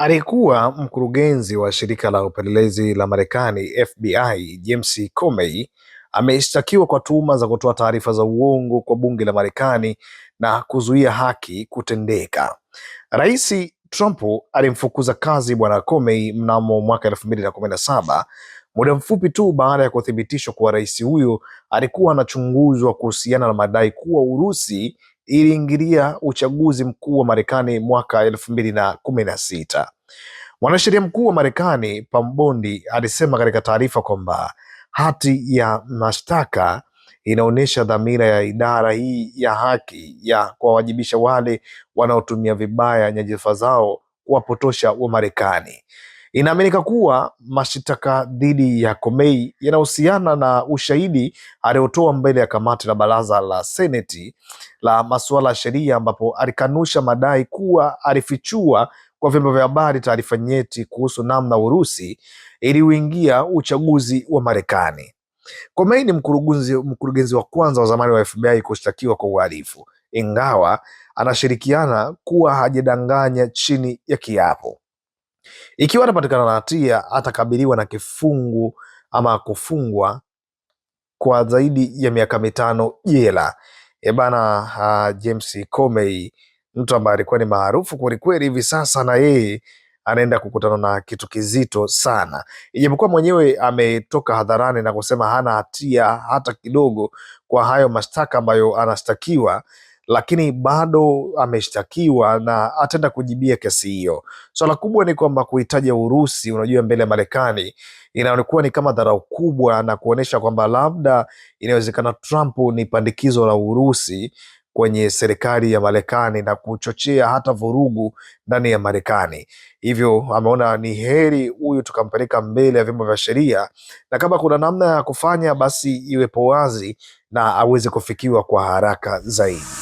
Aliyekuwa mkurugenzi wa shirika la upelelezi la Marekani FBI James Comey ameshtakiwa kwa tuhuma za kutoa taarifa za uongo kwa bunge la Marekani na kuzuia haki kutendeka. Rais Trump alimfukuza kazi bwana Comey mnamo mwaka elfu mbili na kumi na saba muda mfupi tu baada ya kuthibitishwa kuwa rais huyo alikuwa anachunguzwa kuhusiana na madai kuwa Urusi iliingilia uchaguzi mkuu wa Marekani mwaka elfu mbili na kumi na sita. Mwanasheria mkuu wa Marekani Pam Bondi alisema katika taarifa kwamba hati ya mashtaka inaonyesha dhamira ya idara hii ya haki ya kuwawajibisha wale wanaotumia vibaya nyadhifa zao kuwapotosha Wamarekani. Inaaminika kuwa mashitaka dhidi ya Comey yanahusiana na ushahidi aliotoa mbele ya kamati la baraza la seneti la masuala ya sheria, ambapo alikanusha madai kuwa alifichua kwa vyombo vya habari taarifa nyeti kuhusu namna Urusi iliuingia uchaguzi wa Marekani. Comey ni mkurugenzi, mkurugenzi wa kwanza wa zamani wa FBI kushtakiwa kwa uhalifu, ingawa anashirikiana kuwa hajadanganya chini ya kiapo. Ikiwa atapatikana na hatia, atakabiliwa na kifungu ama kufungwa kwa zaidi ya miaka mitano jela. E bana, uh, James Comey mtu ambaye alikuwa ni maarufu kwelikweli, hivi sasa na yeye anaenda kukutana na kitu kizito sana, ijapokuwa mwenyewe ametoka hadharani na kusema hana hatia hata kidogo kwa hayo mashtaka ambayo anastakiwa lakini bado ameshtakiwa na ataenda kujibia kesi hiyo. Swala so, kubwa ni kwamba kuhitaja Urusi, unajua, mbele ya Marekani inaonekana ni kama dharau kubwa na kuonyesha kwamba labda inawezekana Trump ni pandikizo la Urusi kwenye serikali ya Marekani na kuchochea hata vurugu ndani ya Marekani. Hivyo ameona ni heri huyu tukampeleka mbele ya vyombo vya sheria, na kama kuna namna ya kufanya basi iwepo wazi na aweze kufikiwa kwa haraka zaidi.